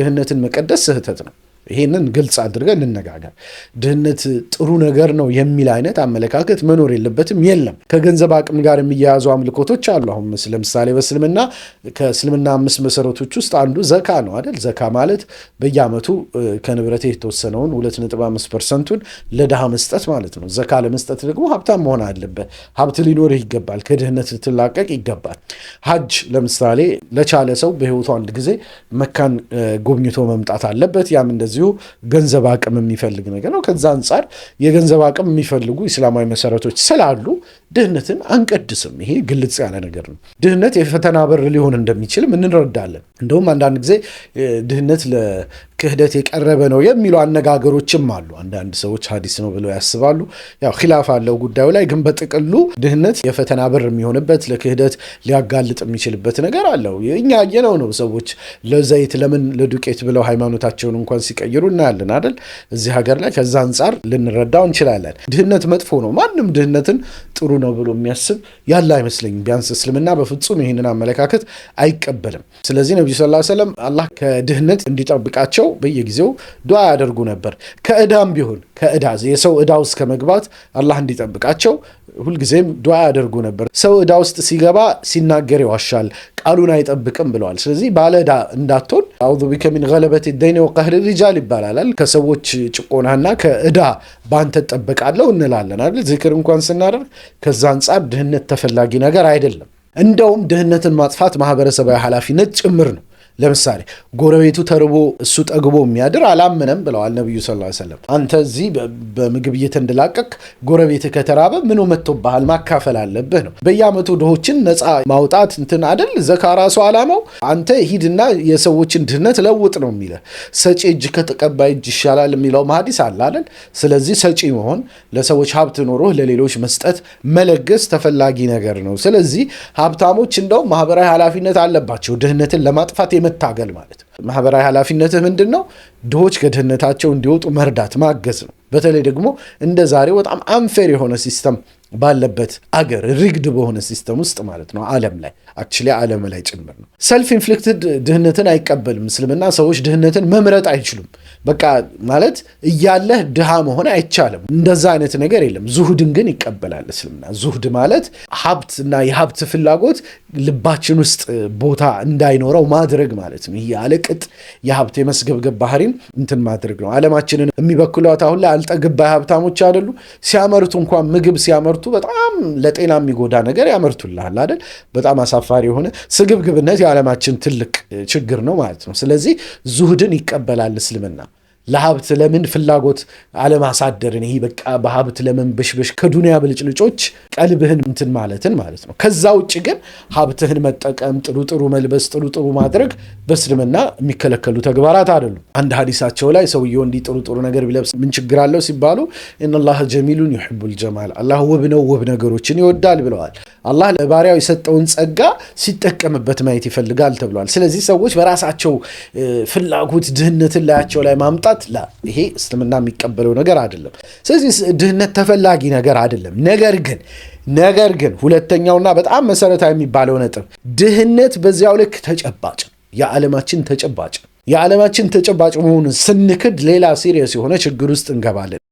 ድህነትን መቀደስ ስህተት ነው። ይሄንን ግልጽ አድርገን እንነጋገር። ድህነት ጥሩ ነገር ነው የሚል አይነት አመለካከት መኖር የለበትም፣ የለም። ከገንዘብ አቅም ጋር የሚያያዙ አምልኮቶች አሉ። አሁን ለምሳሌ በእስልምና ከእስልምና አምስት መሰረቶች ውስጥ አንዱ ዘካ ነው አይደል? ዘካ ማለት በየዓመቱ ከንብረት የተወሰነውን 2.5 ፐርሰንቱን ለድሃ መስጠት ማለት ነው። ዘካ ለመስጠት ደግሞ ሀብታም መሆን አለበት። ሀብት ሊኖርህ ይገባል። ከድህነት ልትላቀቅ ይገባል። ሀጅ ለምሳሌ ለቻለ ሰው በህይወቱ አንድ ጊዜ መካን ጎብኝቶ መምጣት አለበት። ያም እንደዚህ እንደዚሁ ገንዘብ አቅም የሚፈልግ ነገር ነው። ከዛ አንጻር የገንዘብ አቅም የሚፈልጉ ኢስላማዊ መሰረቶች ስላሉ ድህነትን አንቀድስም። ይሄ ግልጽ ያለ ነገር ነው። ድህነት የፈተና በር ሊሆን እንደሚችልም እንረዳለን። እንደውም አንዳንድ ጊዜ ድህነት ክህደት የቀረበ ነው የሚሉ አነጋገሮችም አሉ። አንዳንድ ሰዎች ሀዲስ ነው ብለው ያስባሉ። ያው ኪላፍ አለው ጉዳዩ ላይ ግን በጥቅሉ ድህነት የፈተና በር የሚሆንበት ለክህደት ሊያጋልጥ የሚችልበት ነገር አለው። እኛ ያየነው ነው። ሰዎች ለዘይት ለምን ለዱቄት ብለው ሃይማኖታቸውን እንኳን ሲቀይሩ እናያለን አይደል? እዚህ ሀገር ላይ ከዛ አንጻር ልንረዳው እንችላለን። ድህነት መጥፎ ነው። ማንም ድህነትን ጥሩ ነው ብሎ የሚያስብ ያለ አይመስለኝም። ቢያንስ እስልምና በፍጹም ይህንን አመለካከት አይቀበልም። ስለዚህ ነቢዩ ሰለላሁ ዐለይሂ ወሰለም አላህ ከድህነት እንዲጠብቃቸው ሰው በየጊዜው ዱዓ ያደርጉ ነበር። ከእዳም ቢሆን ከእዳ የሰው እዳ ውስጥ ከመግባት አላህ እንዲጠብቃቸው ሁልጊዜም ዱዓ ያደርጉ ነበር። ሰው እዳ ውስጥ ሲገባ ሲናገር ይዋሻል፣ ቃሉን አይጠብቅም ብለዋል። ስለዚህ ባለ እዳ እንዳትሆን አዑዙ ቢከ ሚን ገለበት ደይን ወቀህሪ ሪጃል ይባላላል። ከሰዎች ጭቆናና ከእዳ ባንተ ጠበቃለሁ እንላለን አይደል? ዚክር እንኳን ስናደርግ ከዛ አንጻር ድህነት ተፈላጊ ነገር አይደለም። እንደውም ድህነትን ማጥፋት ማህበረሰባዊ ኃላፊነት ጭምር ነው። ለምሳሌ ጎረቤቱ ተርቦ እሱ ጠግቦ የሚያድር አላምነም ብለዋል ነቢዩ ስ ሰለም። አንተ እዚህ በምግብ እየተንደላቀቅ ጎረቤትህ ከተራበ ምኑ መጥቶብሃል? ማካፈል አለብህ ነው። በየአመቱ ድሆችን ነፃ ማውጣት እንትን አደል ዘካ ራሱ አላማው። አንተ ሂድና የሰዎችን ድህነት ለውጥ ነው የሚለ ሰጪ እጅ ከተቀባይ እጅ ይሻላል የሚለው ሐዲስ አለ ስለዚህ ሰጪ መሆን ለሰዎች ሀብት ኖሮህ ለሌሎች መስጠት መለገስ ተፈላጊ ነገር ነው። ስለዚህ ሀብታሞች እንደውም ማህበራዊ ኃላፊነት አለባቸው ድህነትን ለማጥፋት መታገል ማለት ነው። ማህበራዊ ኃላፊነትህ ምንድን ነው? ድሆች ከድህነታቸው እንዲወጡ መርዳት፣ ማገዝ ነው። በተለይ ደግሞ እንደ ዛሬ በጣም አንፌር የሆነ ሲስተም ባለበት አገር ሪግድ በሆነ ሲስተም ውስጥ ማለት ነው። ዓለም ላይ አክቹዋሊ ዓለም ላይ ጭምር ነው። ሰልፍ ኢንፍሊክትድ ድህነትን አይቀበልም እስልምና። ሰዎች ድህነትን መምረጥ አይችሉም። በቃ ማለት እያለህ ድሃ መሆን አይቻልም። እንደዛ አይነት ነገር የለም። ዙሁድን ግን ይቀበላል እስልምና። ዙሁድ ማለት ሀብት እና የሀብት ፍላጎት ልባችን ውስጥ ቦታ እንዳይኖረው ማድረግ ማለት ነው። ይህ አለቅጥ የሀብት የመስገብገብ ባህሪን እንትን ማድረግ ነው። አለማችንን የሚበክሏት አሁን ላይ አልጠግባይ ሀብታሞች አይደሉ? ሲያመርቱ እንኳን ምግብ ሲያመርቱ በጣም ለጤና የሚጎዳ ነገር ያመርቱልሃል አይደል? በጣም አሳፋሪ የሆነ ስግብግብነት የዓለማችን ትልቅ ችግር ነው ማለት ነው። ስለዚህ ዙሁድን ይቀበላል እስልምና። ለሀብት ለምን ፍላጎት አለማሳደርን ይህ በቃ በሀብት ለመንበሽበሽ ከዱንያ ብልጭልጮች ቀልብህን እንትን ማለትን ማለት ነው። ከዛ ውጭ ግን ሀብትህን መጠቀም፣ ጥሩ ጥሩ መልበስ፣ ጥሩ ጥሩ ማድረግ በእስልምና የሚከለከሉ ተግባራት አይደሉም። አንድ ሀዲሳቸው ላይ ሰውየው እንዲህ ጥሩ ጥሩ ነገር ቢለብስ ምን ችግር አለው ሲባሉ ኢነላህ ጀሚሉን ዩሂቡል ጀማል አላህ ውብ ነው ውብ ነገሮችን ይወዳል ብለዋል። አላህ ለባሪያው የሰጠውን ጸጋ ሲጠቀምበት ማየት ይፈልጋል ተብሏል። ስለዚህ ሰዎች በራሳቸው ፍላጎት ድህነትን ላያቸው ላይ ማምጣት ይሄ እስልምና የሚቀበለው ነገር አይደለም። ስለዚህ ድህነት ተፈላጊ ነገር አይደለም። ነገር ግን ነገር ግን ሁለተኛውና በጣም መሰረታዊ የሚባለው ነጥብ ድህነት በዚያው ልክ ተጨባጭ የዓለማችን ተጨባጭ የዓለማችን ተጨባጭ መሆኑን ስንክድ ሌላ ሲሪየስ የሆነ ችግር ውስጥ እንገባለን።